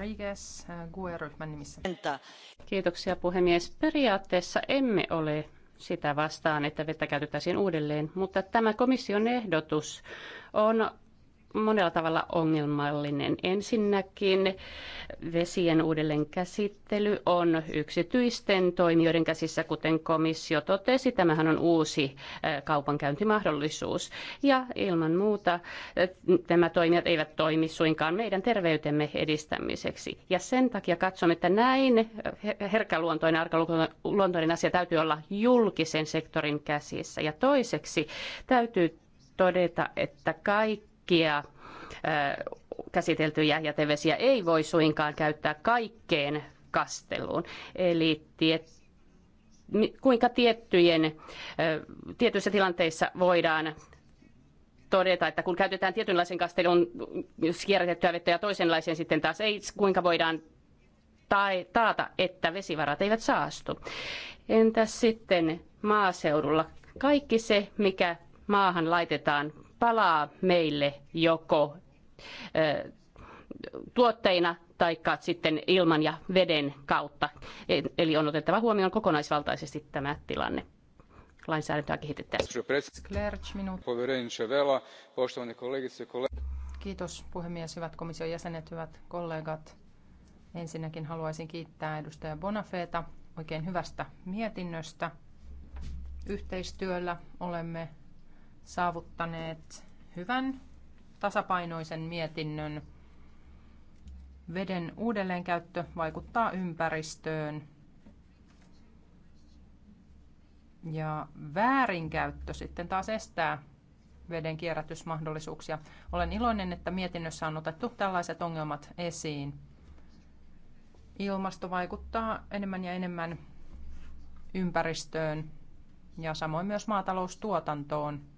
Rodriguez äh, GUE-ryhmän nimissä. Kiitoksia puhemies. Periaatteessa emme ole sitä vastaan, että vettä käytettäisiin uudelleen, mutta tämä komission ehdotus on monella tavalla ongelmallinen. Ensinnäkin vesien uudelleen käsittely on yksityisten toimijoiden käsissä, kuten komissio totesi. Tämähän on uusi kaupankäyntimahdollisuus. Ja ilman muuta nämä toimijat eivät toimi suinkaan meidän terveytemme edistämiseksi. Ja sen takia katsomme, että näin herkkäluontoinen, arkaluontoinen asia täytyy olla julkisen sektorin käsissä. Ja toiseksi täytyy todeta, että kaikki kaikkia käsiteltyjä jätevesiä ei voi suinkaan käyttää kaikkeen kasteluun. Eli tiet, kuinka tiettyjen, tietyissä tilanteissa voidaan todeta, että kun käytetään tietynlaisen kastelun kierrätettyä vettä ja toisenlaisen sitten taas ei, kuinka voidaan tai taata, että vesivarat eivät saastu. Entäs sitten maaseudulla? Kaikki se, mikä maahan laitetaan palaa meille joko tuotteina tai sitten ilman ja veden kautta. E, eli on otettava huomioon kokonaisvaltaisesti tämä tilanne lainsäädäntöä kehitetään. Kiitos puhemies, hyvät komission jäsenet, hyvät kollegat. Ensinnäkin haluaisin kiittää edustaja Bonafeeta oikein hyvästä mietinnöstä. Yhteistyöllä olemme saavuttaneet hyvän tasapainoisen mietinnön. Veden uudelleenkäyttö vaikuttaa ympäristöön ja väärinkäyttö sitten taas estää veden kierrätysmahdollisuuksia. Olen iloinen, että mietinnössä on otettu tällaiset ongelmat esiin. Ilmasto vaikuttaa enemmän ja enemmän ympäristöön ja samoin myös maataloustuotantoon.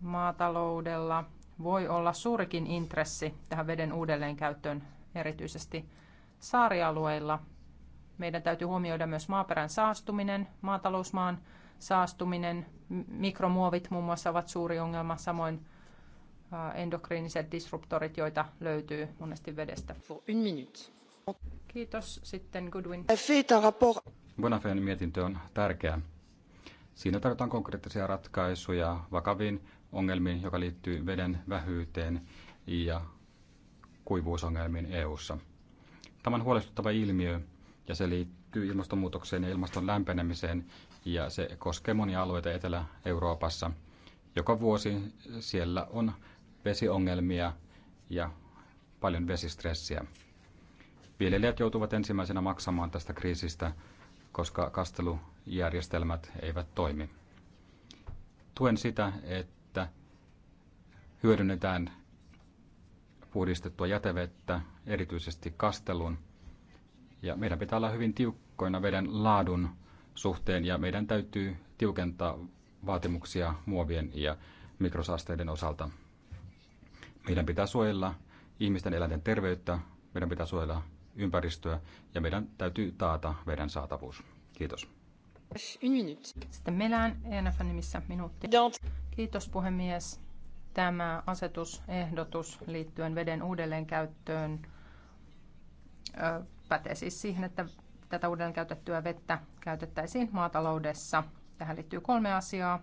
maataloudella voi olla suurikin intressi tähän veden uudelleenkäyttöön, erityisesti saarialueilla. Meidän täytyy huomioida myös maaperän saastuminen, maatalousmaan saastuminen, mikromuovit muun muassa ovat suuri ongelma, samoin endokriiniset disruptorit, joita löytyy monesti vedestä. Kiitos. Sitten Goodwin. Bonafeen mietintö on tärkeä. Siinä tarjotaan konkreettisia ratkaisuja vakaviin ongelmiin, joka liittyy veden vähyyteen ja kuivuusongelmiin EU:ssa. Tämä on huolestuttava ilmiö ja se liittyy ilmastonmuutokseen ja ilmaston lämpenemiseen ja se koskee monia alueita Etelä-Euroopassa. Joka vuosi siellä on vesiongelmia ja paljon vesistressiä. Viljelijät joutuvat ensimmäisenä maksamaan tästä kriisistä, koska kastelujärjestelmät eivät toimi. Tuen sitä, että hyödynnetään puhdistettua jätevettä, erityisesti kastelun. Ja meidän pitää olla hyvin tiukkoina veden laadun suhteen ja meidän täytyy tiukentaa vaatimuksia muovien ja mikrosaasteiden osalta. Meidän pitää suojella ihmisten eläinten terveyttä, meidän pitää suojella ympäristöä ja meidän täytyy taata veden saatavuus. Kiitos. Sitten Melan, on ENFn nimissä minuutti. Kiitos puhemies tämä asetusehdotus liittyen veden uudelleenkäyttöön pätee siis siihen, että tätä uudelleenkäytettyä vettä käytettäisiin maataloudessa. Tähän liittyy kolme asiaa.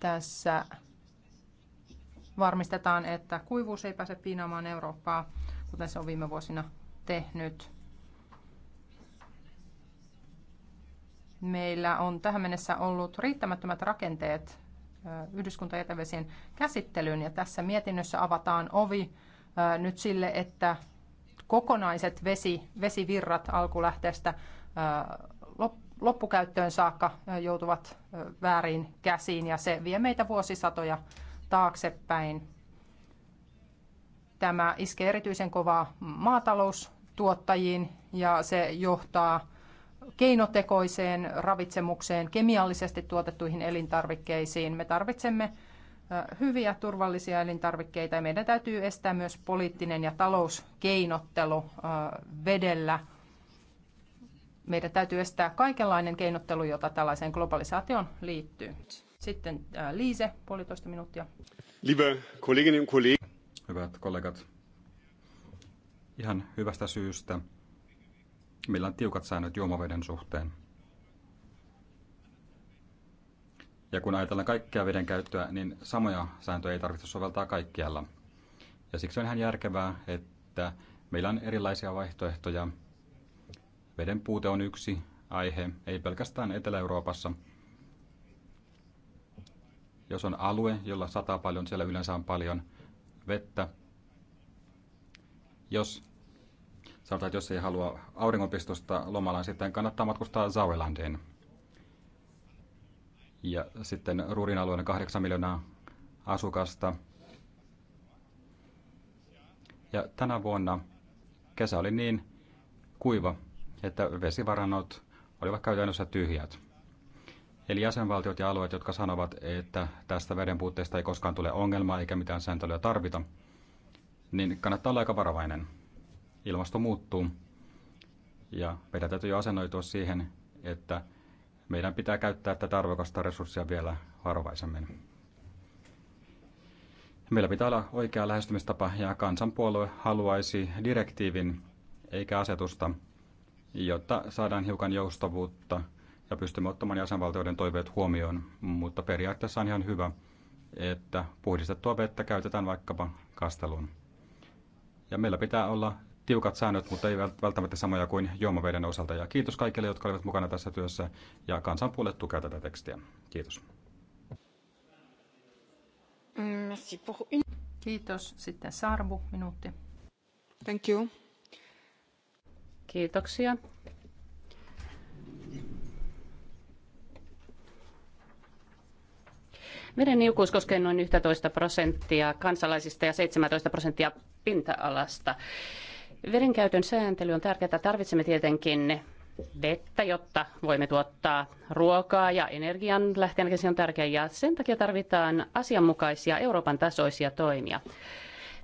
Tässä varmistetaan, että kuivuus ei pääse piinaamaan Eurooppaa, kuten se on viime vuosina tehnyt. Meillä on tähän mennessä ollut riittämättömät rakenteet yhdyskuntajätevesien käsittelyyn. Ja tässä mietinnössä avataan ovi nyt sille, että kokonaiset vesi, vesivirrat alkulähteestä loppukäyttöön saakka joutuvat väärin käsiin ja se vie meitä vuosisatoja taaksepäin. Tämä iskee erityisen kovaa maataloustuottajiin ja se johtaa keinotekoiseen ravitsemukseen, kemiallisesti tuotettuihin elintarvikkeisiin. Me tarvitsemme hyviä, turvallisia elintarvikkeita ja meidän täytyy estää myös poliittinen ja talouskeinottelu vedellä. Meidän täytyy estää kaikenlainen keinottelu, jota tällaiseen globalisaatioon liittyy. Sitten Liise, puolitoista minuuttia. Liebe Kolleginnen und Kollegen. Hyvät kollegat, ihan hyvästä syystä – Meillä on tiukat säännöt juomaveden suhteen. Ja kun ajatellaan kaikkea veden käyttöä, niin samoja sääntöjä ei tarvitse soveltaa kaikkialla. Ja siksi on ihan järkevää, että meillä on erilaisia vaihtoehtoja. Veden puute on yksi aihe, ei pelkästään Etelä-Euroopassa. Jos on alue, jolla sataa paljon, siellä yleensä on paljon vettä. Jos sanotaan, että jos ei halua auringonpistosta lomallaan, sitten kannattaa matkustaa Zauelandiin. Ja sitten Ruurin alueen 8 miljoonaa asukasta. Ja tänä vuonna kesä oli niin kuiva, että vesivarannot olivat käytännössä tyhjät. Eli jäsenvaltiot ja alueet, jotka sanovat, että tästä veden puutteesta ei koskaan tule ongelmaa eikä mitään sääntelyä tarvita, niin kannattaa olla aika varovainen ilmasto muuttuu ja meidän täytyy asennoitua siihen, että meidän pitää käyttää tätä arvokasta resurssia vielä harvaisemmin. Meillä pitää olla oikea lähestymistapa ja kansanpuolue haluaisi direktiivin eikä asetusta, jotta saadaan hiukan joustavuutta ja pystymme ottamaan jäsenvaltioiden toiveet huomioon, mutta periaatteessa on ihan hyvä, että puhdistettua vettä käytetään vaikkapa kasteluun. Ja meillä pitää olla tiukat säännöt, mutta ei välttämättä samoja kuin juomaveiden osalta. Ja kiitos kaikille, jotka olivat mukana tässä työssä ja kansanpuolet tukea tätä tekstiä. Kiitos. Kiitos. Sitten Sarbu, minuutti. Thank you. Kiitoksia. Meren niukuus koskee noin 11 prosenttia kansalaisista ja 17 prosenttia pinta-alasta. Vedenkäytön sääntely on tärkeää. Tarvitsemme tietenkin vettä, jotta voimme tuottaa ruokaa ja energian lähteenä se on tärkeää. Ja sen takia tarvitaan asianmukaisia Euroopan tasoisia toimia.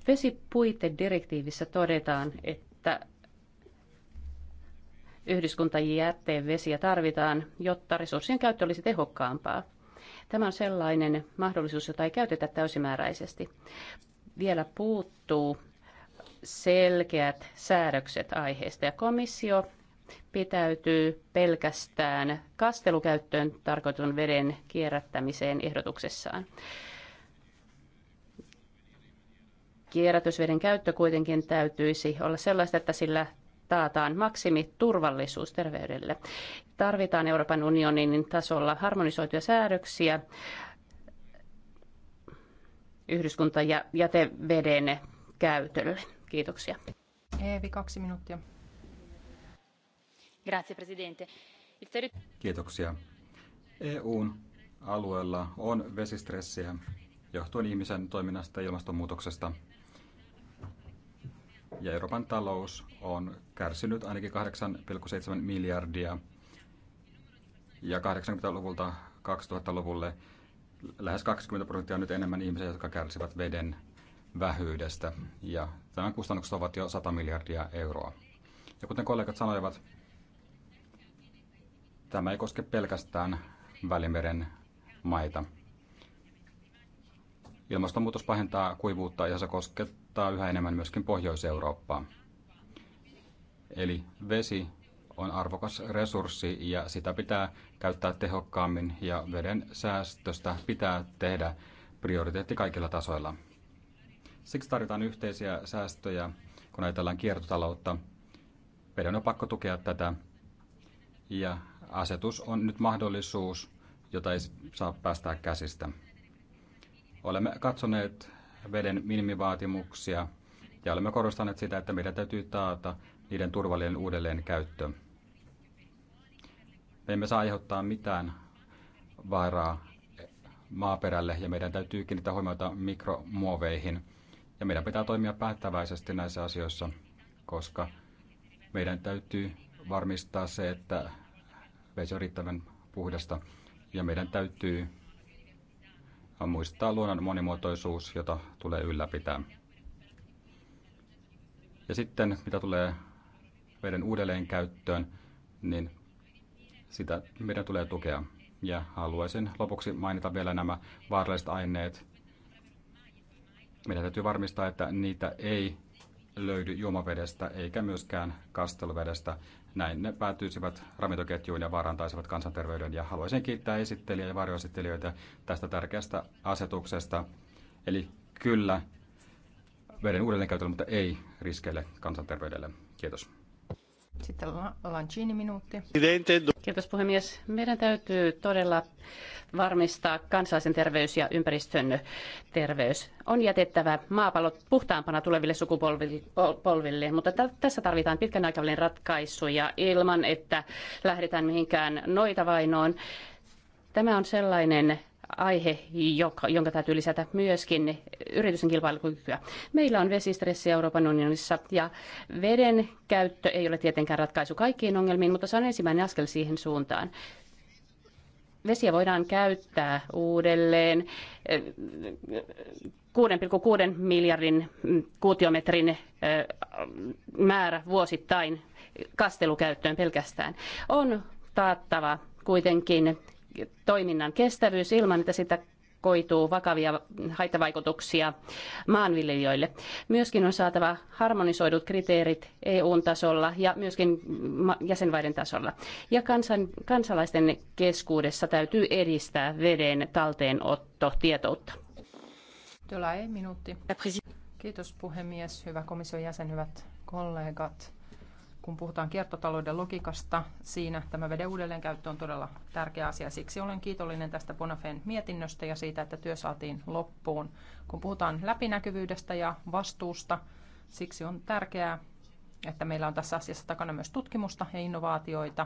Vesipuitedirektiivissä todetaan, että yhdyskuntajätteen vesiä tarvitaan, jotta resurssien käyttö olisi tehokkaampaa. Tämä on sellainen mahdollisuus, jota ei käytetä täysimääräisesti. Vielä puuttuu selkeät säädökset aiheesta ja komissio pitäytyy pelkästään kastelukäyttöön tarkoitun veden kierrättämiseen ehdotuksessaan. Kierrätysveden käyttö kuitenkin täytyisi olla sellaista, että sillä taataan maksimiturvallisuus terveydelle. Tarvitaan Euroopan unionin tasolla harmonisoituja säädöksiä jäteveden käytölle. Kiitoksia. Eevi, kaksi minuuttia. Grazie, presidente. Kiitoksia. EUn alueella on vesistressiä johtuen ihmisen toiminnasta ja ilmastonmuutoksesta. Ja Euroopan talous on kärsinyt ainakin 8,7 miljardia ja 80-luvulta 2000-luvulle lähes 20 prosenttia on nyt enemmän ihmisiä, jotka kärsivät veden vähyydestä ja tämän kustannukset ovat jo 100 miljardia euroa. Ja kuten kollegat sanoivat, tämä ei koske pelkästään Välimeren maita. Ilmastonmuutos pahentaa kuivuutta ja se koskettaa yhä enemmän myöskin Pohjois-Eurooppaa. Eli vesi on arvokas resurssi ja sitä pitää käyttää tehokkaammin ja veden säästöstä pitää tehdä prioriteetti kaikilla tasoilla. Siksi tarvitaan yhteisiä säästöjä, kun ajatellaan kiertotaloutta. Meidän on pakko tukea tätä. Ja asetus on nyt mahdollisuus, jota ei saa päästää käsistä. Olemme katsoneet veden minimivaatimuksia ja olemme korostaneet sitä, että meidän täytyy taata niiden turvallinen uudelleen käyttö. Me emme saa aiheuttaa mitään vaaraa maaperälle ja meidän täytyy kiinnittää huomiota mikromuoveihin – ja meidän pitää toimia päättäväisesti näissä asioissa, koska meidän täytyy varmistaa se, että vesi on riittävän puhdasta. Ja meidän täytyy muistaa luonnon monimuotoisuus, jota tulee ylläpitää. Ja sitten mitä tulee veden uudelleenkäyttöön, niin sitä meidän tulee tukea. Ja haluaisin lopuksi mainita vielä nämä vaaralliset aineet, meidän täytyy varmistaa, että niitä ei löydy juomavedestä eikä myöskään kasteluvedestä. Näin ne päätyisivät ravintoketjuun ja vaarantaisivat kansanterveyden. Ja haluaisin kiittää esittelijä ja varjoesittelijöitä tästä tärkeästä asetuksesta. Eli kyllä veden uudelleenkäytölle, mutta ei riskeille kansanterveydelle. Kiitos. Sitten Lancini minuutti. Kiitos puhemies. Meidän täytyy todella varmistaa kansalaisen terveys ja ympäristön terveys. On jätettävä maapallot puhtaampana tuleville sukupolville, mutta tässä tarvitaan pitkän aikavälin ratkaisuja ilman, että lähdetään mihinkään noita vainoon. Tämä on sellainen aihe, joka, jonka täytyy lisätä myöskin yritysten kilpailukykyä. Meillä on vesistressi Euroopan unionissa ja veden käyttö ei ole tietenkään ratkaisu kaikkiin ongelmiin, mutta se on ensimmäinen askel siihen suuntaan. Vesiä voidaan käyttää uudelleen 6,6 eh, miljardin kuutiometrin eh, määrä vuosittain kastelukäyttöön pelkästään. On taattava kuitenkin toiminnan kestävyys ilman, että sitä koituu vakavia haittavaikutuksia maanviljelijöille. Myöskin on saatava harmonisoidut kriteerit eu tasolla ja myöskin jäsenvaiden tasolla. Ja kansan, kansalaisten keskuudessa täytyy edistää veden talteenotto tietoutta. Tulee minuutti. Kiitos puhemies, hyvä komission jäsen, hyvät kollegat kun puhutaan kiertotalouden logiikasta, siinä tämä veden uudelleenkäyttö on todella tärkeä asia. Siksi olen kiitollinen tästä Bonafen mietinnöstä ja siitä, että työ saatiin loppuun. Kun puhutaan läpinäkyvyydestä ja vastuusta, siksi on tärkeää, että meillä on tässä asiassa takana myös tutkimusta ja innovaatioita.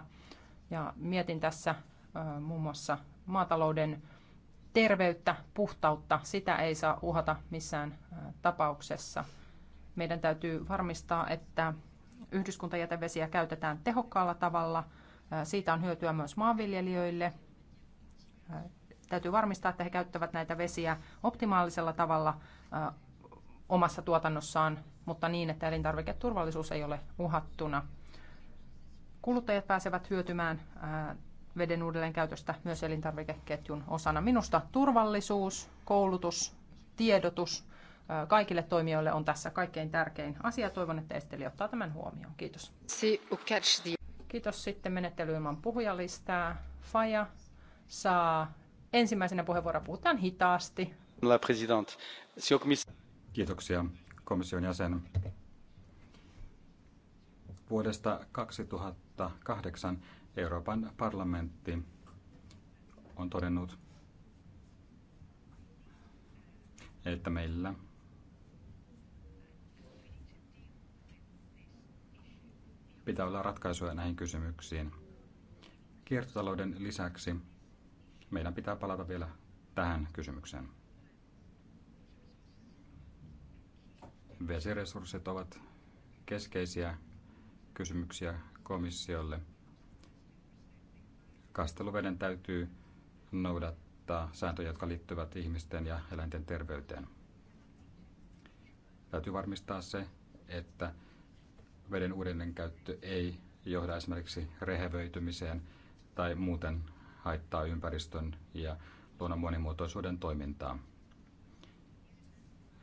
Ja mietin tässä muun mm. muassa maatalouden terveyttä, puhtautta. Sitä ei saa uhata missään tapauksessa. Meidän täytyy varmistaa, että Yhdyskuntajätevesiä käytetään tehokkaalla tavalla. Siitä on hyötyä myös maanviljelijöille. Täytyy varmistaa, että he käyttävät näitä vesiä optimaalisella tavalla omassa tuotannossaan, mutta niin, että elintarviketurvallisuus ei ole uhattuna. Kuluttajat pääsevät hyötymään veden uudelleenkäytöstä myös elintarvikeketjun osana. Minusta turvallisuus, koulutus, tiedotus kaikille toimijoille on tässä kaikkein tärkein asia. Toivon, että Esteli ottaa tämän huomioon. Kiitos. Kiitos sitten menettely puhujalistaa. Faja saa ensimmäisenä puheenvuoron. Puhutaan hitaasti. La Kiitoksia komission jäsen. Vuodesta 2008 Euroopan parlamentti on todennut, että meillä pitää olla ratkaisuja näihin kysymyksiin. Kiertotalouden lisäksi meidän pitää palata vielä tähän kysymykseen. Vesiresurssit ovat keskeisiä kysymyksiä komissiolle. Kasteluveden täytyy noudattaa sääntöjä, jotka liittyvät ihmisten ja eläinten terveyteen. Täytyy varmistaa se, että veden uudelleenkäyttö ei johda esimerkiksi rehevöitymiseen tai muuten haittaa ympäristön ja luonnon monimuotoisuuden toimintaa.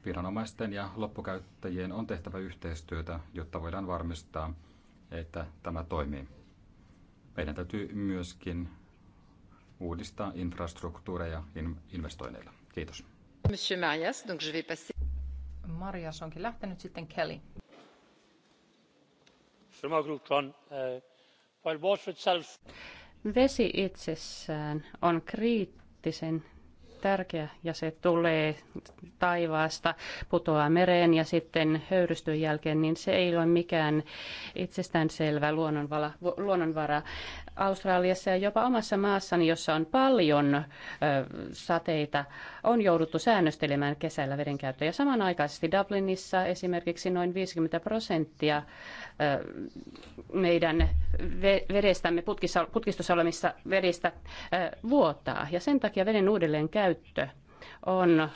Viranomaisten ja loppukäyttäjien on tehtävä yhteistyötä, jotta voidaan varmistaa, että tämä toimii. Meidän täytyy myöskin uudistaa infrastruktuureja investoinneilla. Kiitos. Monsieur Marias, donc je vais passer... Marias onkin lähtenyt sitten Kelly. Eh, Vesi itsessään on kriittisen tärkeä ja se tulee taivaasta, putoaa mereen ja sitten höyrystyn jälkeen, niin se ei ole mikään itsestäänselvä luonnonvara. luonnonvara. Australiassa ja jopa omassa maassani, jossa on paljon ö, sateita, on jouduttu säännöstelemään kesällä vedenkäyttöä. Ja samanaikaisesti Dublinissa esimerkiksi noin 50 prosenttia meidän vedestämme putkistossa olemissa veristä vuotaa. Ja sen takia veden uudelleen käyttö on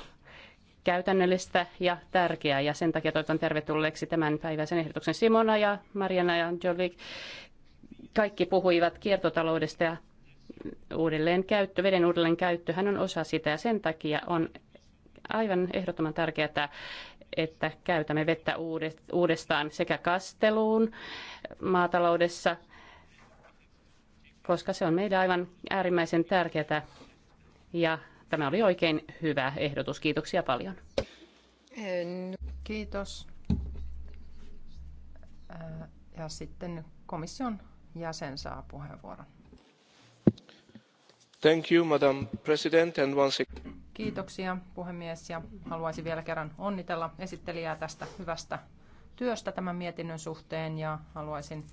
käytännöllistä ja tärkeää. Ja sen takia toivotan tervetulleeksi tämän päiväisen ehdotuksen Simona ja Mariana ja Jolik. Kaikki puhuivat kiertotaloudesta ja uudelleen käyttö, veden uudelleen käyttö hän on osa sitä ja sen takia on aivan ehdottoman tärkeää, että käytämme vettä uudestaan sekä kasteluun maataloudessa, koska se on meidän aivan äärimmäisen tärkeää. Ja tämä oli oikein hyvä ehdotus. Kiitoksia paljon. Kiitos. Ja sitten komission jäsen saa puheenvuoron. Thank you, Madam President, and once again. Kiitoksia puhemies ja haluaisin vielä kerran onnitella esittelijää tästä hyvästä työstä tämän mietinnön suhteen ja haluaisin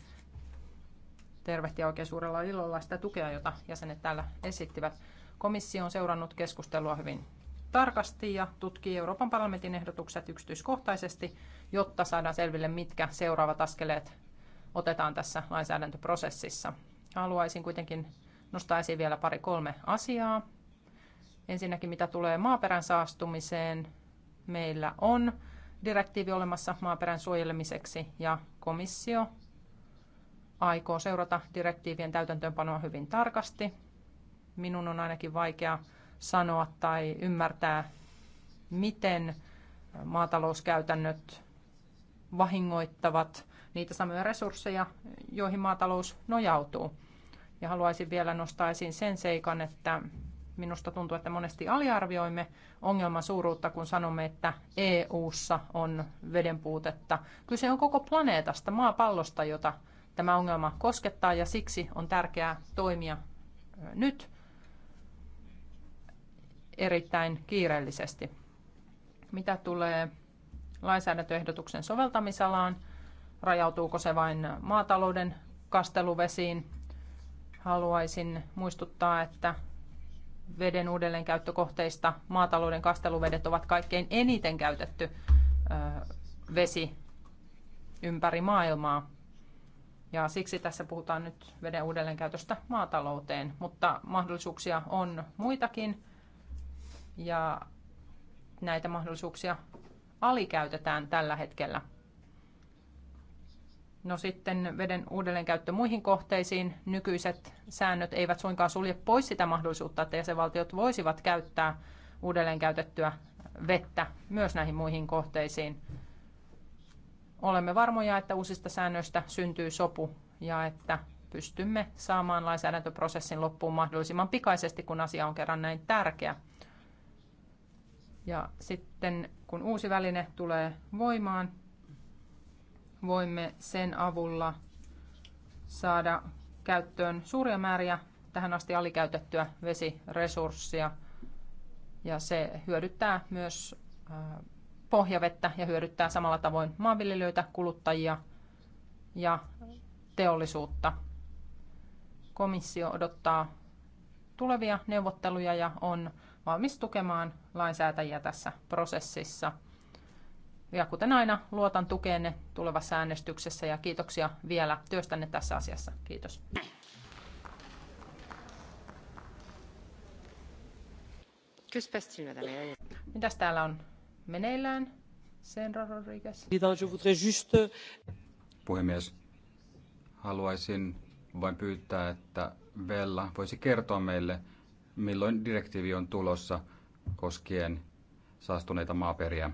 tervehtiä oikein suurella ilolla sitä tukea, jota jäsenet täällä esittivät. Komissio on seurannut keskustelua hyvin tarkasti ja tutkii Euroopan parlamentin ehdotukset yksityiskohtaisesti, jotta saadaan selville, mitkä seuraavat askeleet otetaan tässä lainsäädäntöprosessissa. Haluaisin kuitenkin nostaa esiin vielä pari kolme asiaa, Ensinnäkin mitä tulee maaperän saastumiseen, meillä on direktiivi olemassa maaperän suojelemiseksi ja komissio aikoo seurata direktiivien täytäntöönpanoa hyvin tarkasti. Minun on ainakin vaikea sanoa tai ymmärtää, miten maatalouskäytännöt vahingoittavat niitä samoja resursseja, joihin maatalous nojautuu. Ja haluaisin vielä nostaa esiin sen seikan, että Minusta tuntuu, että monesti aliarvioimme ongelman suuruutta, kun sanomme, että EU:ssa on vedenpuutetta. Kyse on koko planeetasta, maapallosta, jota tämä ongelma koskettaa ja siksi on tärkeää toimia nyt erittäin kiireellisesti. Mitä tulee lainsäädäntöehdotuksen soveltamisalaan, rajautuuko se vain maatalouden kasteluvesiin? Haluaisin muistuttaa, että veden uudelleenkäyttökohteista maatalouden kasteluvedet ovat kaikkein eniten käytetty vesi ympäri maailmaa. Ja siksi tässä puhutaan nyt veden uudelleenkäytöstä maatalouteen, mutta mahdollisuuksia on muitakin ja näitä mahdollisuuksia alikäytetään tällä hetkellä. No sitten veden uudelleenkäyttö muihin kohteisiin. Nykyiset säännöt eivät suinkaan sulje pois sitä mahdollisuutta, että jäsenvaltiot voisivat käyttää uudelleenkäytettyä vettä myös näihin muihin kohteisiin. Olemme varmoja, että uusista säännöistä syntyy sopu ja että pystymme saamaan lainsäädäntöprosessin loppuun mahdollisimman pikaisesti, kun asia on kerran näin tärkeä. Ja sitten kun uusi väline tulee voimaan, voimme sen avulla saada käyttöön suuria määriä tähän asti alikäytettyä vesiresurssia. Ja se hyödyttää myös pohjavettä ja hyödyttää samalla tavoin maanviljelijöitä, kuluttajia ja teollisuutta. Komissio odottaa tulevia neuvotteluja ja on valmis tukemaan lainsäätäjiä tässä prosessissa – ja kuten aina, luotan tukeenne tulevassa äänestyksessä ja kiitoksia vielä työstänne tässä asiassa. Kiitos. Mitäs täällä on meneillään? Puhemies, haluaisin vain pyytää, että Vella voisi kertoa meille, milloin direktiivi on tulossa koskien saastuneita maaperiä.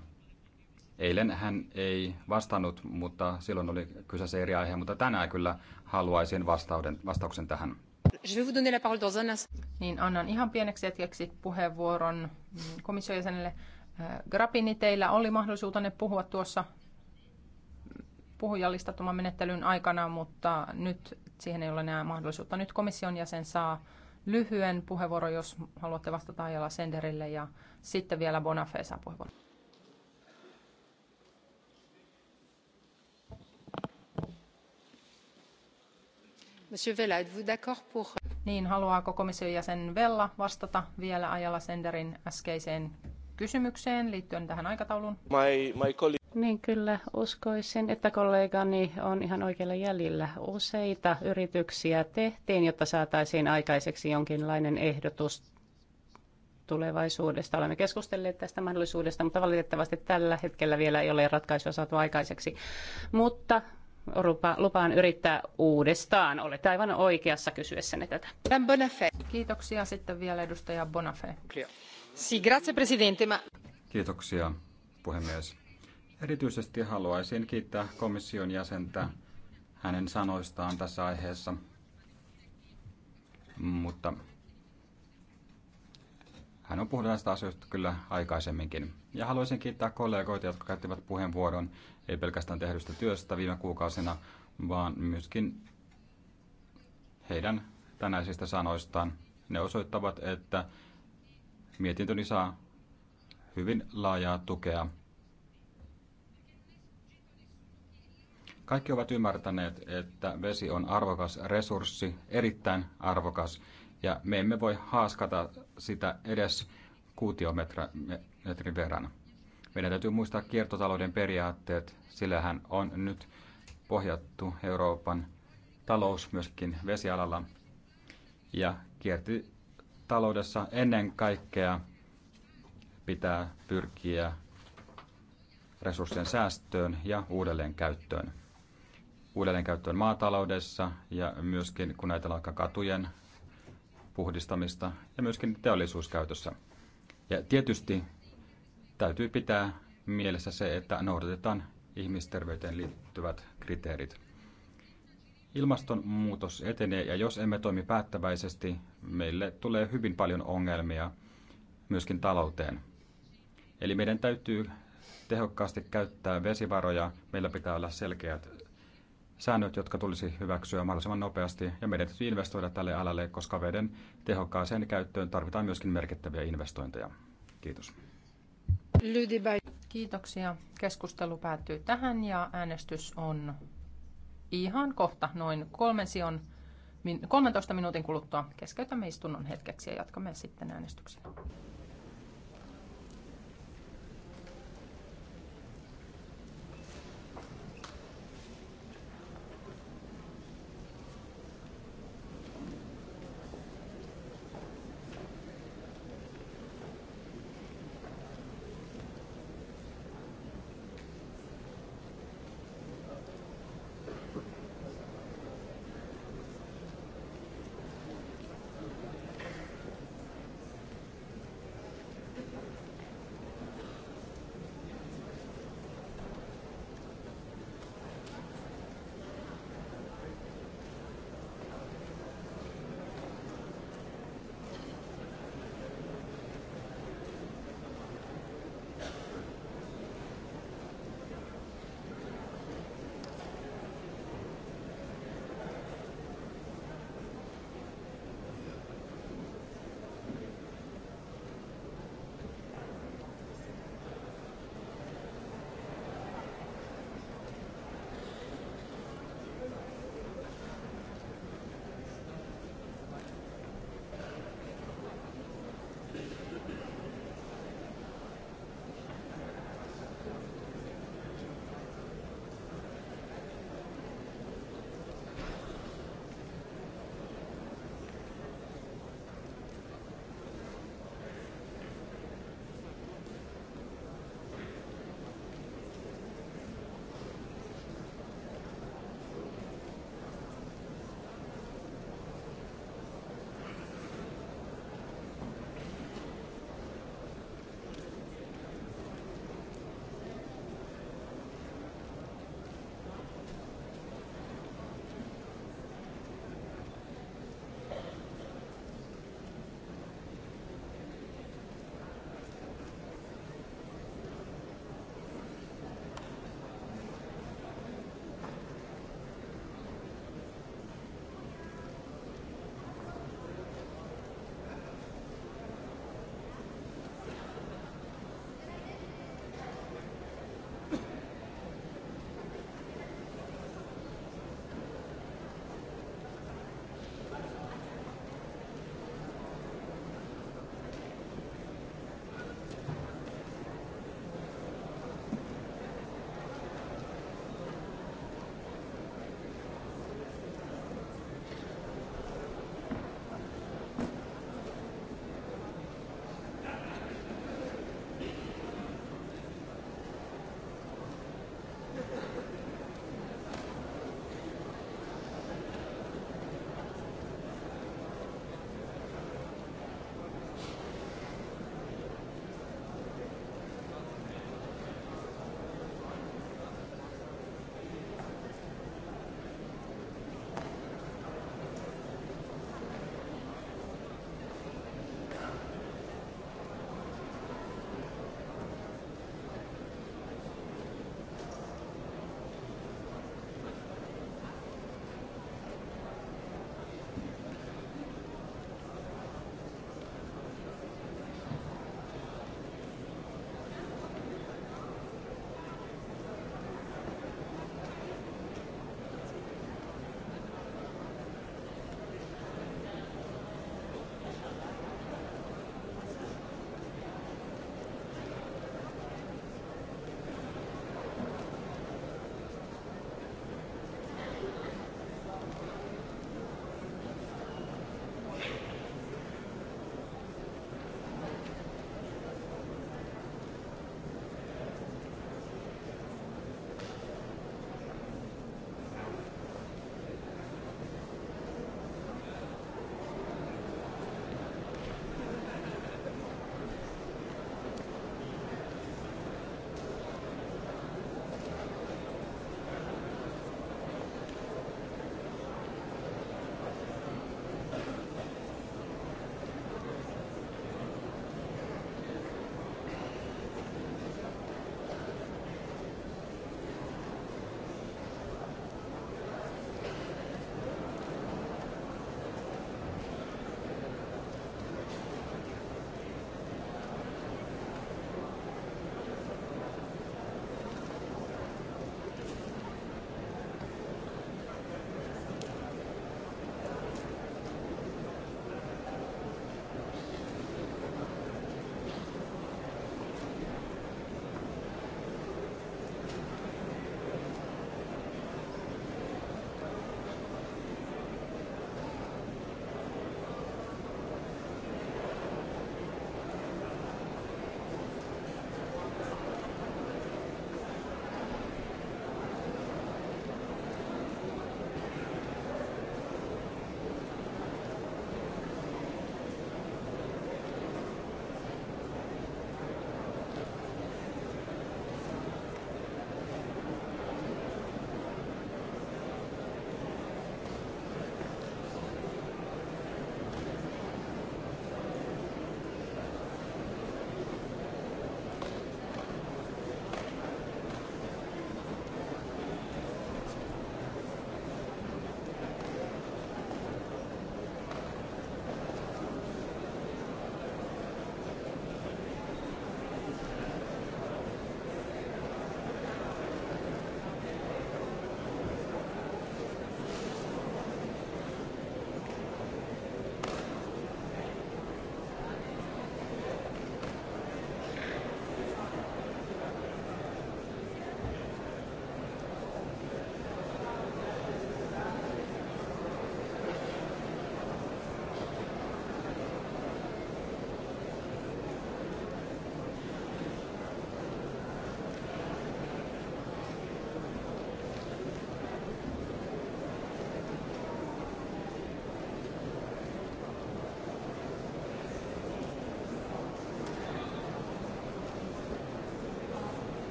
Eilen hän ei vastannut, mutta silloin oli kyseessä eri aihe, mutta tänään kyllä haluaisin vastauden, vastauksen tähän. Niin annan ihan pieneksi hetkeksi puheenvuoron komission jäsenelle. Äh, Grappini, teillä oli mahdollisuutenne puhua tuossa puhujalistattoman menettelyn aikana, mutta nyt siihen ei ole enää mahdollisuutta. Nyt komission jäsen saa lyhyen puheenvuoron, jos haluatte vastata Ajala Senderille ja sitten vielä Bonafé saa puheenvuoron. Monsieur Vella, êtes-vous d'accord pour... Euh, niin, haluaako komission jäsen Vella vastata vielä Ajala Senderin äskeiseen kysymykseen liittyen tähän aikatauluun? My, my colleague... Niin kyllä uskoisin, että kollegani on ihan oikealla jäljellä. Useita yrityksiä tehtiin, jotta saataisiin aikaiseksi jonkinlainen ehdotus tulevaisuudesta. Olemme keskustelleet tästä mahdollisuudesta, mutta valitettavasti tällä hetkellä vielä ei ole ratkaisua saatu aikaiseksi. Mutta lupaan yrittää uudestaan. Olette aivan oikeassa kysyessänne tätä. Kiitoksia. Sitten vielä edustaja Bonafé. Si, grazie presidente. Kiitoksia, puhemies. Erityisesti haluaisin kiittää komission jäsentä hänen sanoistaan tässä aiheessa. Mutta hän on puhunut näistä asioista kyllä aikaisemminkin. Ja haluaisin kiittää kollegoita, jotka käyttivät puheenvuoron ei pelkästään tehdystä työstä viime kuukausina, vaan myöskin heidän tänäisistä sanoistaan. Ne osoittavat, että mietintöni saa hyvin laajaa tukea. Kaikki ovat ymmärtäneet, että vesi on arvokas resurssi, erittäin arvokas, ja me emme voi haaskata sitä edes kuutiometrin verran. Meidän täytyy muistaa kiertotalouden periaatteet, sillähän on nyt pohjattu Euroopan talous myöskin vesialalla. Ja kiertotaloudessa ennen kaikkea pitää pyrkiä resurssien säästöön ja uudelleenkäyttöön. Uudelleenkäyttöön maataloudessa ja myöskin kun ajatellaan katujen puhdistamista ja myöskin teollisuuskäytössä. Ja tietysti täytyy pitää mielessä se, että noudatetaan ihmisterveyteen liittyvät kriteerit. Ilmastonmuutos etenee ja jos emme toimi päättäväisesti, meille tulee hyvin paljon ongelmia myöskin talouteen. Eli meidän täytyy tehokkaasti käyttää vesivaroja, meillä pitää olla selkeät säännöt, jotka tulisi hyväksyä mahdollisimman nopeasti, ja meidän täytyy investoida tälle alalle, koska veden tehokkaaseen käyttöön tarvitaan myöskin merkittäviä investointeja. Kiitos. Kiitoksia. Keskustelu päättyy tähän ja äänestys on ihan kohta noin kolmen sijon, 13 minuutin kuluttua. Keskeytämme istunnon hetkeksi ja jatkamme sitten äänestyksiä.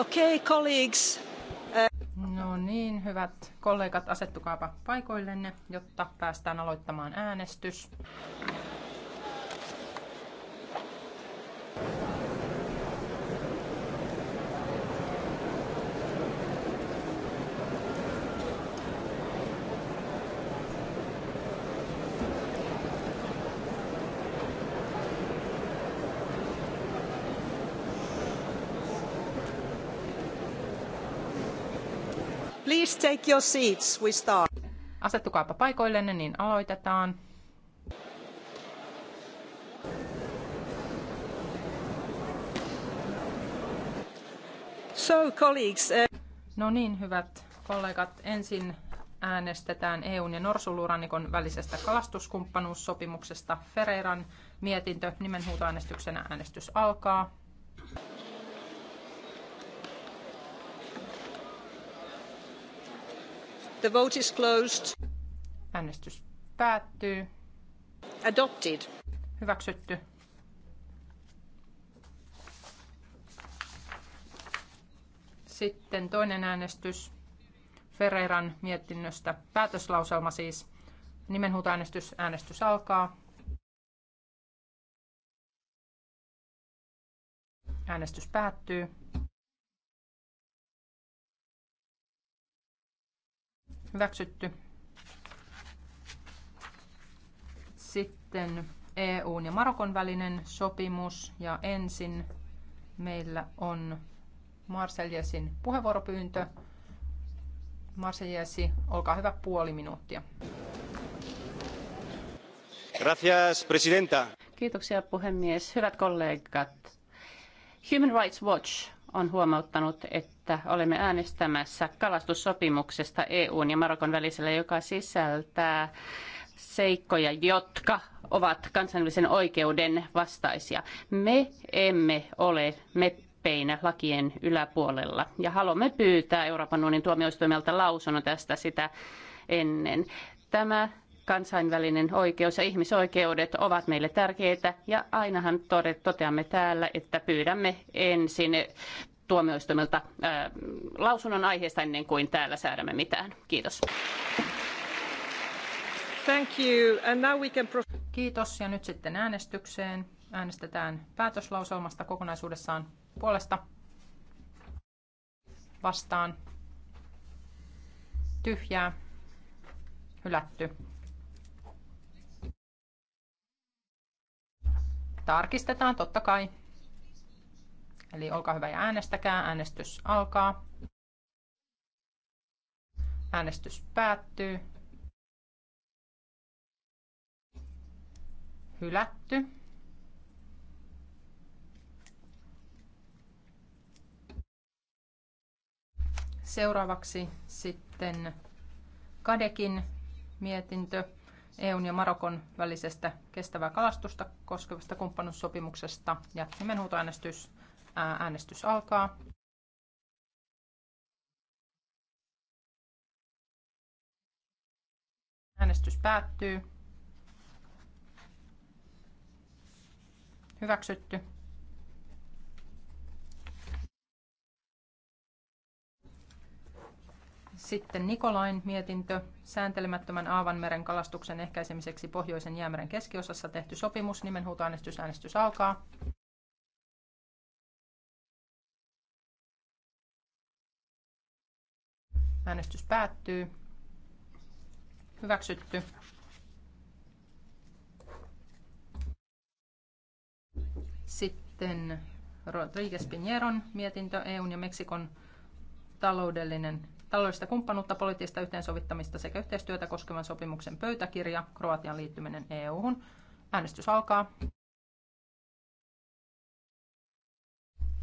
Okay, colleagues. No niin, hyvät kollegat, asettukaapa paikoillenne, jotta päästään aloittamaan äänestys. Please take your seats. We start. Asettukaapa paikoillenne, niin aloitetaan. So, colleagues, uh... No niin, hyvät kollegat. Ensin äänestetään EUn ja Norsulurannikon välisestä kalastuskumppanuussopimuksesta. Ferreiran mietintö nimenhuutoäänestyksenä äänestys alkaa. The vote is closed. Äänestys päättyy. Adopted. Hyväksytty. Sitten toinen äänestys Ferreiran mietinnöstä. Päätöslauselma siis. Nimenhuutoäänestys. Äänestys alkaa. Äänestys päättyy. Hyväksytty. Sitten EUn ja Marokon välinen sopimus ja ensin meillä on Marseljesin puheenvuoropyyntö. Marseljesi, olkaa hyvä puoli minuuttia. Gracias, presidenta. Kiitoksia puhemies. Hyvät kollegat. Human Rights Watch on huomauttanut, että olemme äänestämässä kalastussopimuksesta EUn ja Marokon välisellä, joka sisältää seikkoja, jotka ovat kansainvälisen oikeuden vastaisia. Me emme ole meppeinä lakien yläpuolella ja haluamme pyytää Euroopan unionin tuomioistuimelta lausunnon tästä sitä ennen. Tämä kansainvälinen oikeus ja ihmisoikeudet ovat meille tärkeitä ja ainahan toteamme täällä, että pyydämme ensin tuomioistuimelta ää, lausunnon aiheesta ennen kuin täällä säädämme mitään. Kiitos. Thank you. And now we can... Kiitos ja nyt sitten äänestykseen. Äänestetään päätöslauselmasta kokonaisuudessaan puolesta vastaan tyhjää hylätty. Tarkistetaan totta kai. Eli olkaa hyvä ja äänestäkää. Äänestys alkaa. Äänestys päättyy. Hylätty. Seuraavaksi sitten Kadekin mietintö. EUn ja Marokon välisestä kestävää kalastusta koskevasta kumppanuussopimuksesta ja nimenhuutoäänestys äänestys alkaa. Äänestys päättyy. Hyväksytty. Sitten Nikolain mietintö, sääntelemättömän Aavanmeren kalastuksen ehkäisemiseksi Pohjoisen jäämeren keskiosassa tehty sopimus, nimenhuutoäänestys, äänestys alkaa. Äänestys päättyy. Hyväksytty. Sitten Rodriguez Pinjeron mietintö EUn ja Meksikon taloudellinen taloudellista kumppanuutta, poliittista yhteensovittamista sekä yhteistyötä koskevan sopimuksen pöytäkirja, Kroatian liittyminen EU-hun. Äänestys alkaa.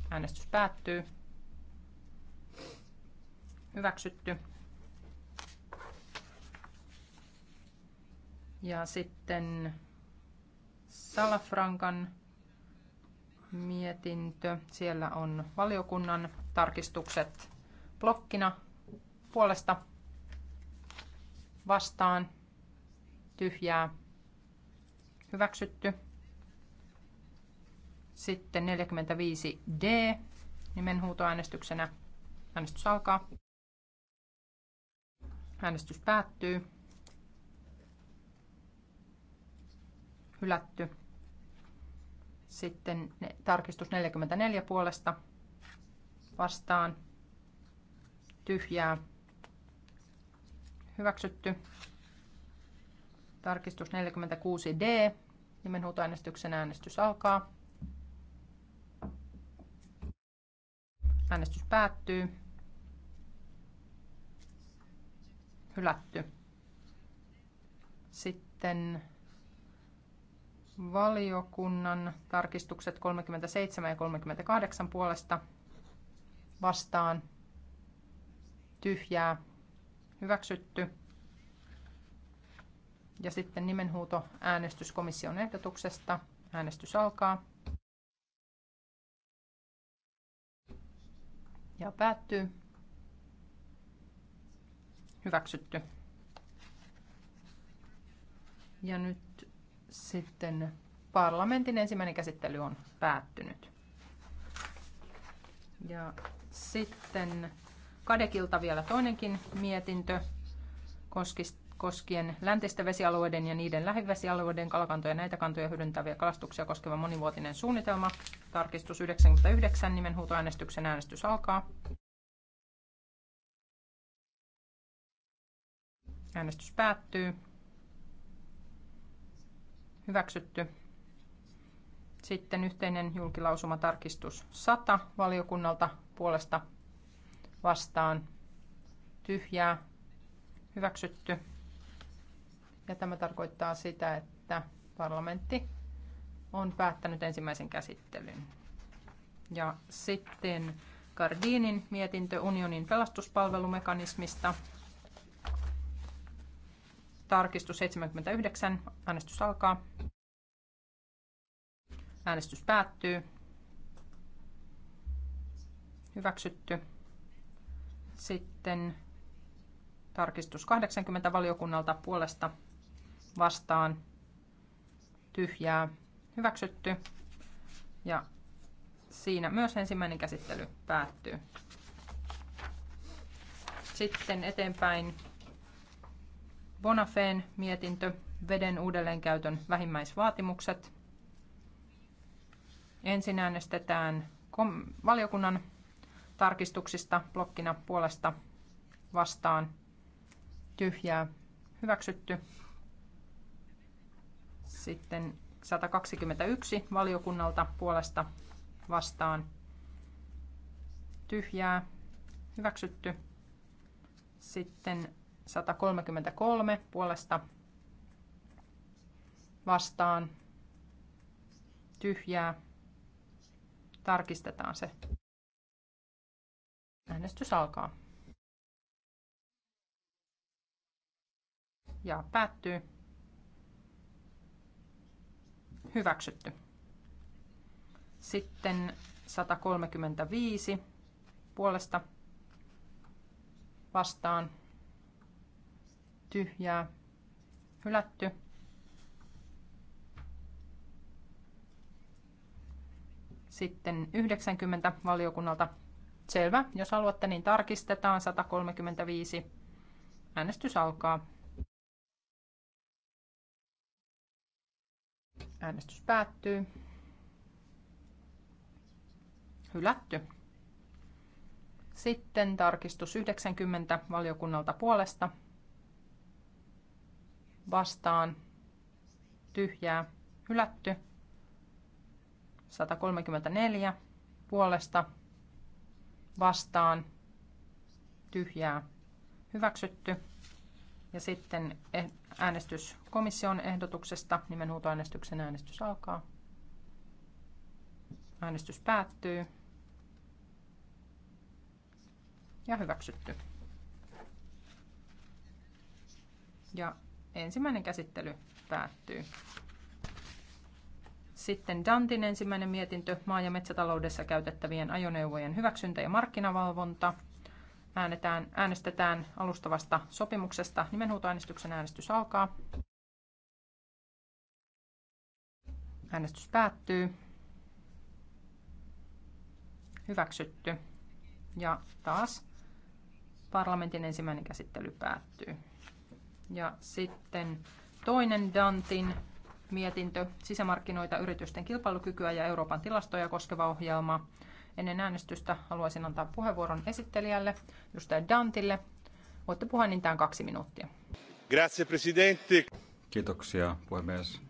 Äänestys päättyy. Hyväksytty. Ja sitten Salafrankan mietintö. Siellä on valiokunnan tarkistukset blokkina puolesta vastaan tyhjää hyväksytty. Sitten 45D nimenhuutoäänestyksenä. Äänestys alkaa. Äänestys päättyy. Hylätty. Sitten tarkistus 44 puolesta vastaan tyhjää hyväksytty. Tarkistus 46D. Nimenhuutoäänestyksen äänestys alkaa. Äänestys päättyy. Hylätty. Sitten valiokunnan tarkistukset 37 ja 38 puolesta vastaan tyhjää hyväksytty. Ja sitten nimenhuuto äänestys komission ehdotuksesta. Äänestys alkaa. Ja päättyy. Hyväksytty. Ja nyt sitten parlamentin ensimmäinen käsittely on päättynyt. Ja sitten Kadekilta vielä toinenkin mietintö koskien läntisten vesialueiden ja niiden lähivesialueiden kalakantoja ja näitä kantoja hyödyntäviä kalastuksia koskeva monivuotinen suunnitelma. Tarkistus 99 nimenhuutoäänestyksen äänestys alkaa. Äänestys päättyy. Hyväksytty. Sitten yhteinen julkilausuma tarkistus 100 valiokunnalta puolesta vastaan tyhjää hyväksytty. Ja tämä tarkoittaa sitä, että parlamentti on päättänyt ensimmäisen käsittelyn. Ja sitten Gardinin mietintö unionin pelastuspalvelumekanismista. Tarkistus 79. Äänestys alkaa. Äänestys päättyy. Hyväksytty. Sitten tarkistus 80 valiokunnalta puolesta vastaan tyhjää hyväksytty. Ja siinä myös ensimmäinen käsittely päättyy. Sitten eteenpäin Bonafeen mietintö, veden uudelleenkäytön vähimmäisvaatimukset. Ensin äänestetään valiokunnan tarkistuksista blokkina puolesta vastaan tyhjää hyväksytty. Sitten 121 valiokunnalta puolesta vastaan tyhjää hyväksytty. Sitten 133 puolesta vastaan tyhjää. Tarkistetaan se. Äänestys alkaa. Ja päättyy. Hyväksytty. Sitten 135 puolesta vastaan tyhjää hylätty. Sitten 90 valiokunnalta Selvä. Jos haluatte, niin tarkistetaan 135. Äänestys alkaa. Äänestys päättyy. Hylätty. Sitten tarkistus 90 valiokunnalta puolesta. Vastaan. Tyhjää. Hylätty. 134 puolesta vastaan tyhjää hyväksytty. Ja sitten eh, äänestys komission ehdotuksesta. Nimenhuutoäänestyksen äänestys alkaa. Äänestys päättyy. Ja hyväksytty. Ja ensimmäinen käsittely päättyy. Sitten Dantin ensimmäinen mietintö, maa- ja metsätaloudessa käytettävien ajoneuvojen hyväksyntä ja markkinavalvonta. Äänetään, äänestetään alustavasta sopimuksesta. Nimenhuutoäänestyksen äänestys alkaa. Äänestys päättyy. Hyväksytty. Ja taas parlamentin ensimmäinen käsittely päättyy. Ja sitten toinen Dantin mietintö, sisämarkkinoita, yritysten kilpailukykyä ja Euroopan tilastoja koskeva ohjelma. Ennen äänestystä haluaisin antaa puheenvuoron esittelijälle, edustaja Dantille. Voitte puhua niintään kaksi minuuttia. Grazie, presidente. Kiitoksia, puhemies.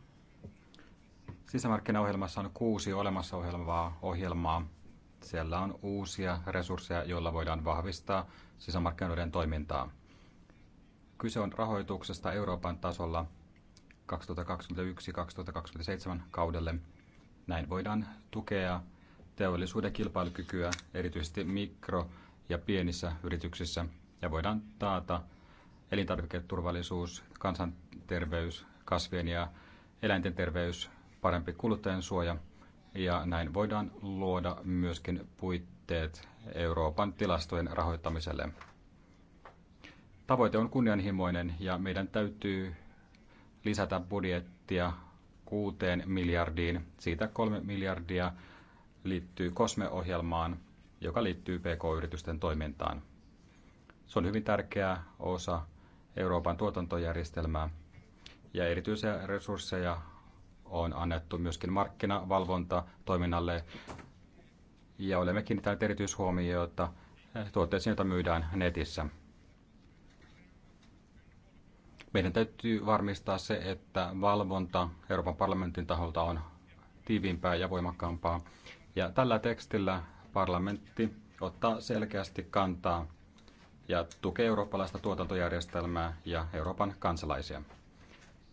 Sisämarkkinaohjelmassa on kuusi olemassa ohjelmaa ohjelmaa. Siellä on uusia resursseja, joilla voidaan vahvistaa sisämarkkinoiden toimintaa. Kyse on rahoituksesta Euroopan tasolla – 2021-2027 kaudelle. Näin voidaan tukea teollisuuden kilpailukykyä erityisesti mikro- ja pienissä yrityksissä ja voidaan taata elintarviketurvallisuus, kansanterveys, kasvien ja eläinten terveys, parempi kuluttajan suoja ja näin voidaan luoda myöskin puitteet Euroopan tilastojen rahoittamiselle. Tavoite on kunnianhimoinen ja meidän täytyy lisätä budjettia kuuteen miljardiin. Siitä kolme miljardia liittyy kosmeohjelmaan, joka liittyy PK-yritysten toimintaan. Se on hyvin tärkeä osa Euroopan tuotantojärjestelmää ja erityisiä resursseja on annettu myöskin markkinavalvonta toiminnalle ja olemme kiinnittäneet erityishuomiota tuotteisiin, joita myydään netissä. Meidän täytyy varmistaa se, että valvonta Euroopan parlamentin taholta on tiiviimpää ja voimakkaampaa. Ja tällä tekstillä parlamentti ottaa selkeästi kantaa ja tukee eurooppalaista tuotantojärjestelmää ja Euroopan kansalaisia.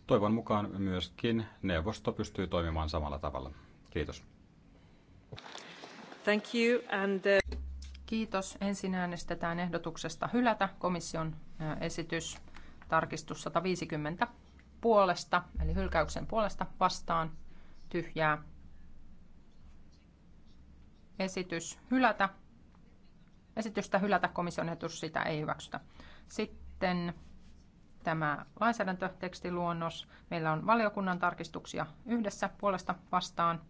Toivon mukaan myöskin neuvosto pystyy toimimaan samalla tavalla. Kiitos. Thank you and, uh... Kiitos. Ensin äänestetään ehdotuksesta hylätä komission esitys. Tarkistus 150 puolesta, eli hylkäyksen puolesta vastaan tyhjää. Esitys hylätä. Esitystä hylätä komission etus sitä ei hyväksytä. Sitten tämä lainsäädäntötekstiluonnos. Meillä on valiokunnan tarkistuksia yhdessä puolesta vastaan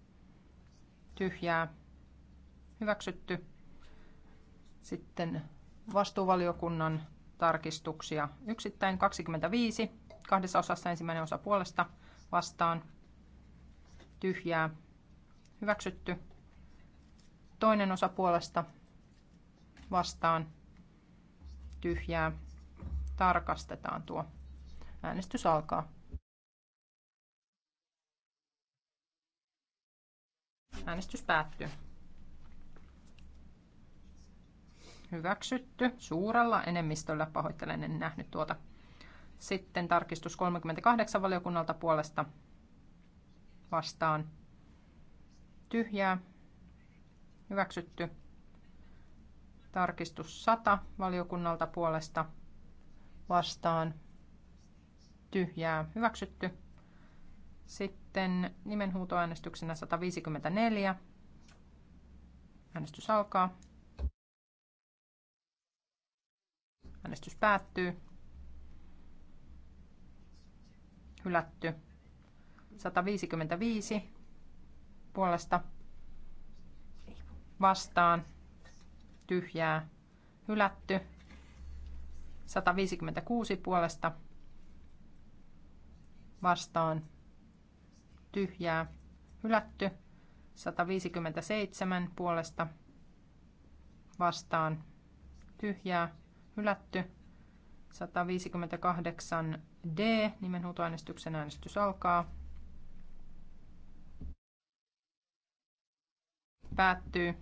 tyhjää hyväksytty. Sitten vastuuvaliokunnan tarkistuksia. Yksittäin 25, kahdessa osassa ensimmäinen osa puolesta vastaan, tyhjää, hyväksytty. Toinen osa puolesta vastaan, tyhjää, tarkastetaan tuo. Äänestys alkaa. Äänestys päättyy. hyväksytty suurella enemmistöllä. Pahoittelen, en nähnyt tuota. Sitten tarkistus 38 valiokunnalta puolesta vastaan tyhjää. Hyväksytty. Tarkistus 100 valiokunnalta puolesta vastaan tyhjää. Hyväksytty. Sitten nimenhuutoäänestyksenä 154. Äänestys alkaa. Äänestys päättyy. Hylätty. 155 puolesta vastaan. Tyhjää. Hylätty. 156 puolesta vastaan. Tyhjää. Hylätty. 157 puolesta vastaan. Tyhjää hylätty. 158 D, nimenhuutoäänestyksen äänestys alkaa. Päättyy.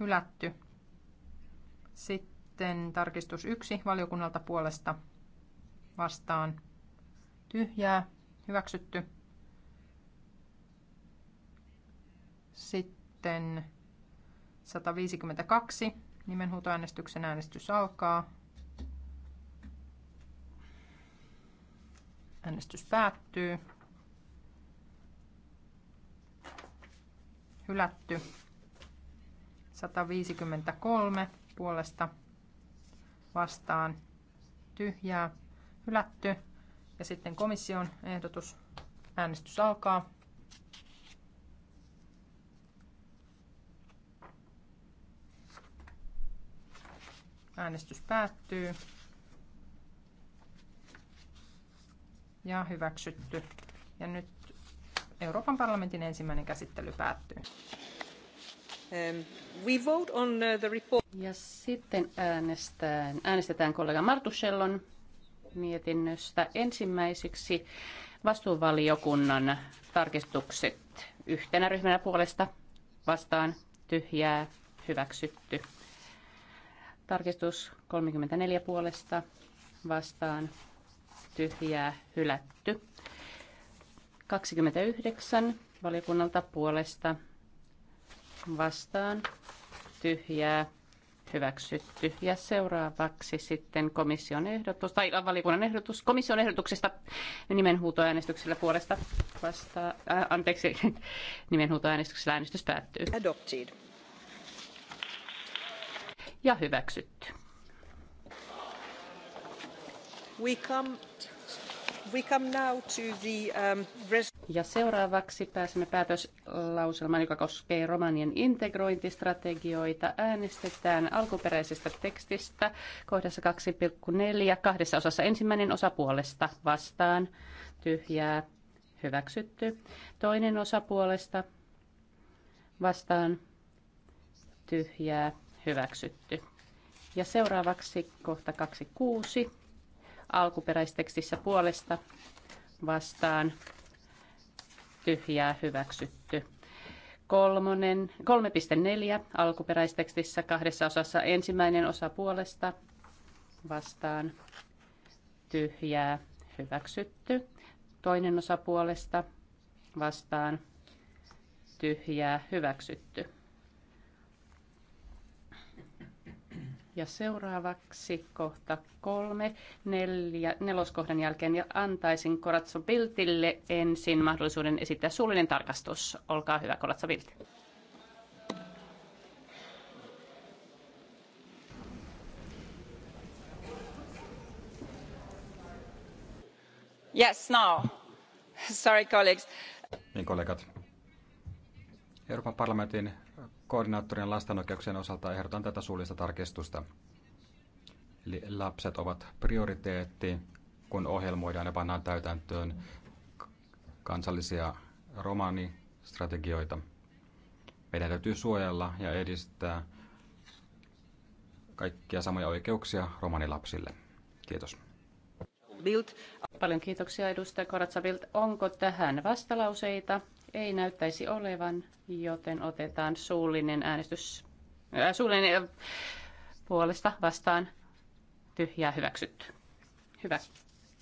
Hylätty. Sitten tarkistus 1 valiokunnalta puolesta vastaan. Tyhjää. Hyväksytty. Sitten 152. Nimenhuutoäänestyksen äänestys alkaa. Äänestys päättyy. Hylätty. 153 puolesta vastaan tyhjää. Hylätty. Ja sitten komission ehdotus. Äänestys alkaa. Äänestys päättyy. Ja hyväksytty. Ja nyt Euroopan parlamentin ensimmäinen käsittely päättyy. Ähm, we vote on uh, the report. Ja sitten äänestetään, äänestetään kollega Martusellon mietinnöstä ensimmäiseksi vastuuvaliokunnan tarkistukset yhtenä ryhmänä puolesta vastaan tyhjää hyväksytty. Tarkistus 34 puolesta vastaan tyhjää hylätty. 29 valiokunnalta puolesta vastaan tyhjää hyväksytty. Ja seuraavaksi sitten komission ehdotus, tai valiokunnan ehdotus, komission ehdotuksesta nimenhuutoäänestyksellä puolesta vastaan, äh, anteeksi, nimenhuutoäänestyksellä äänestys päättyy. Adopted ja hyväksytty. We come, we come now to the, um, res- ja seuraavaksi pääsemme päätöslauselmaan, joka koskee romanien integrointistrategioita. Äänestetään alkuperäisestä tekstistä kohdassa 2,4 kahdessa osassa ensimmäinen osa puolesta vastaan tyhjää hyväksytty. Toinen osa puolesta vastaan tyhjää hyväksytty. Ja seuraavaksi kohta 26 alkuperäistekstissä puolesta vastaan tyhjää hyväksytty. Kolmonen, 3.4 alkuperäistekstissä kahdessa osassa ensimmäinen osa puolesta vastaan tyhjää hyväksytty. Toinen osa puolesta vastaan tyhjää hyväksytty. Ja seuraavaksi kohta kolme neljä, neloskohdan jälkeen ja antaisin Koratso Biltille ensin mahdollisuuden esittää suullinen tarkastus. Olkaa hyvä, Koratso Bilt. Yes, now. Sorry, colleagues. Niin, kollegat. Euroopan parlamentin koordinaattorin lasten oikeuksien osalta ehdotan tätä suullista tarkistusta. Eli lapset ovat prioriteetti, kun ohjelmoidaan ja pannaan täytäntöön kansallisia romaanistrategioita. Meidän täytyy suojella ja edistää kaikkia samoja oikeuksia romanilapsille. Kiitos. Bild. Paljon kiitoksia edustaja Koratsa Bild. Onko tähän vastalauseita? ei näyttäisi olevan, joten otetaan suullinen äänestys äh, suullinen äh, puolesta vastaan tyhjää hyväksytty. Hyvä.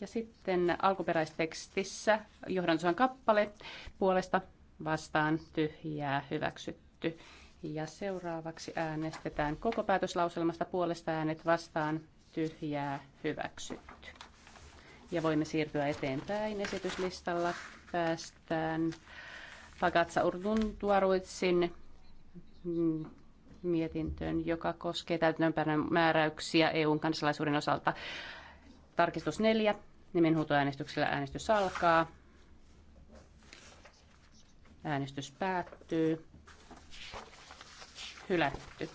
Ja sitten alkuperäistekstissä johdantosan kappale puolesta vastaan tyhjää hyväksytty. Ja seuraavaksi äänestetään koko päätöslauselmasta puolesta äänet vastaan tyhjää hyväksytty. Ja voimme siirtyä eteenpäin esityslistalla. Päästään Fagatsa urdun tuaruitsin mm, mietintöön, joka koskee täytäntöönpäin määräyksiä EUn kansalaisuuden osalta. Tarkistus neljä, Nimenhuutoäänestyksellä äänestys alkaa. Äänestys päättyy. Hylätty.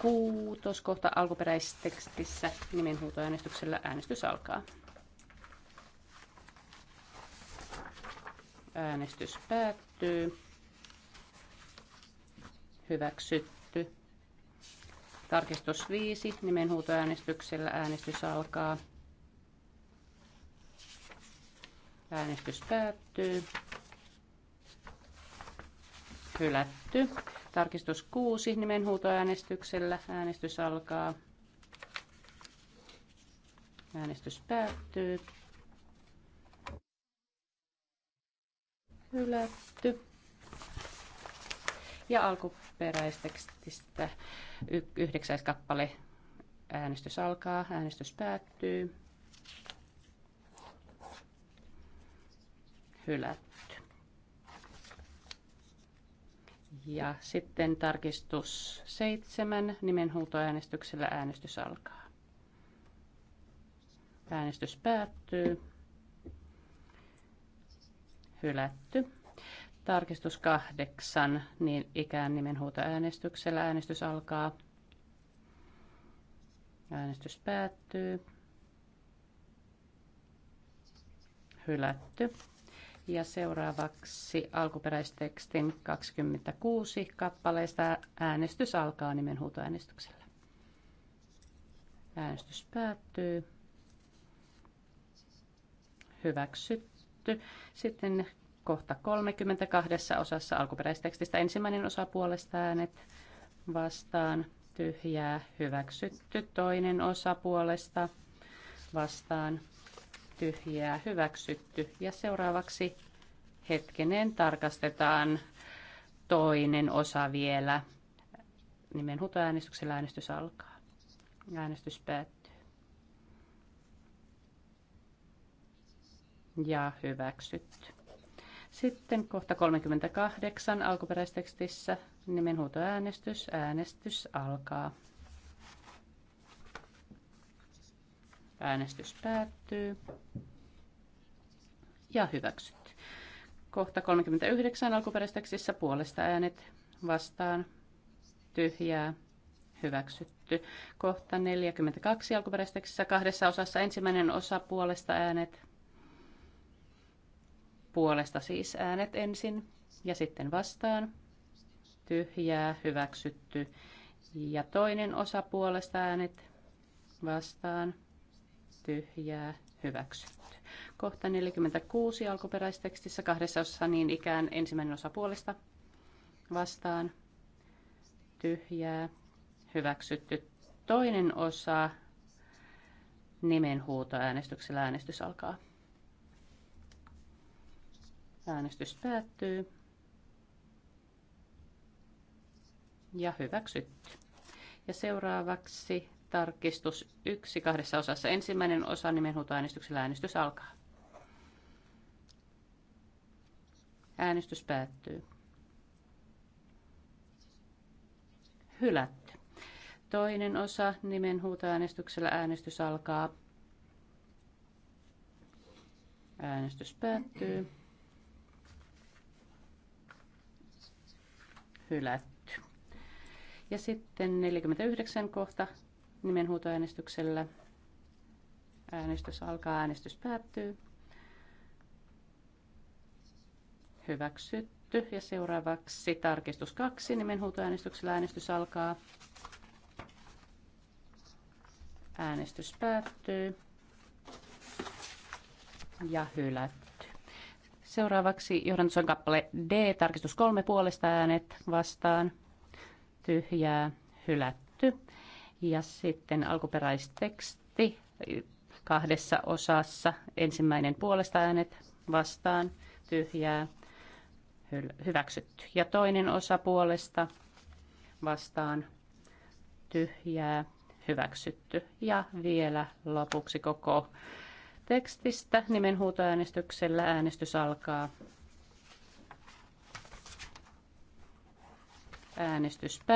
Kuutos kohta alkuperäistekstissä nimenhuutoäänestyksellä äänestys alkaa. Äänestys päättyy. Hyväksytty. Tarkistus 5. Nimenhuutoäänestyksellä äänestys alkaa. Äänestys päättyy. Hylätty. Tarkistus 6. Nimenhuutoäänestyksellä äänestys alkaa. Äänestys päättyy. hylätty. Ja alkuperäistekstistä y- yhdeksäs kappale äänestys alkaa, äänestys päättyy. Hylätty. Ja sitten tarkistus seitsemän nimenhuutoäänestyksellä äänestys alkaa. Äänestys päättyy hylätty. Tarkistus kahdeksan, niin ikään nimenhuutoäänestyksellä äänestys alkaa. Äänestys päättyy. Hylätty. Ja seuraavaksi alkuperäistekstin 26 kappaleista äänestys alkaa nimenhuutoäänestyksellä. Äänestys päättyy. Hyväksytty hyväksytty. Sitten kohta 32 osassa alkuperäistekstistä ensimmäinen osa puolesta äänet vastaan tyhjää hyväksytty. Toinen osa puolesta vastaan tyhjää hyväksytty. Ja seuraavaksi hetkenen tarkastetaan toinen osa vielä. Nimenhuutoäänestyksellä äänestys alkaa. Äänestys päättyy. ja hyväksytty. Sitten kohta 38 alkuperäistekstissä nimenhuutoäänestys. Äänestys alkaa. Äänestys päättyy. Ja hyväksytty. Kohta 39 alkuperäistekstissä puolesta äänet vastaan. Tyhjää. Hyväksytty. Kohta 42 alkuperäistekstissä kahdessa osassa ensimmäinen osa puolesta äänet puolesta siis äänet ensin ja sitten vastaan. Tyhjää, hyväksytty. Ja toinen osa puolesta äänet vastaan. Tyhjää, hyväksytty. Kohta 46 alkuperäistekstissä kahdessa osassa niin ikään ensimmäinen osa puolesta vastaan. Tyhjää, hyväksytty. Toinen osa nimenhuutoäänestyksellä äänestys alkaa. Äänestys päättyy. Ja hyväksytty. Ja seuraavaksi tarkistus yksi kahdessa osassa. Ensimmäinen osa nimenhuutoäänestyksellä äänestys alkaa. Äänestys päättyy. Hylätty. Toinen osa nimenhuutoäänestyksellä äänestys alkaa. Äänestys päättyy. hylätty. Ja sitten 49 kohta nimenhuutoäänestyksellä. Äänestys alkaa, äänestys päättyy. Hyväksytty. Ja seuraavaksi tarkistus 2 nimenhuutoäänestyksellä. Äänestys alkaa. Äänestys päättyy. Ja hylätty Seuraavaksi on kappale D, tarkistus kolme puolesta äänet vastaan, tyhjää, hylätty. Ja sitten alkuperäisteksti kahdessa osassa, ensimmäinen puolesta äänet vastaan, tyhjää, hyväksytty. Ja toinen osa puolesta vastaan, tyhjää, hyväksytty. Ja vielä lopuksi koko tekstistä nimenhuutoäänestyksellä. Äänestys alkaa. Äänestys päättyy.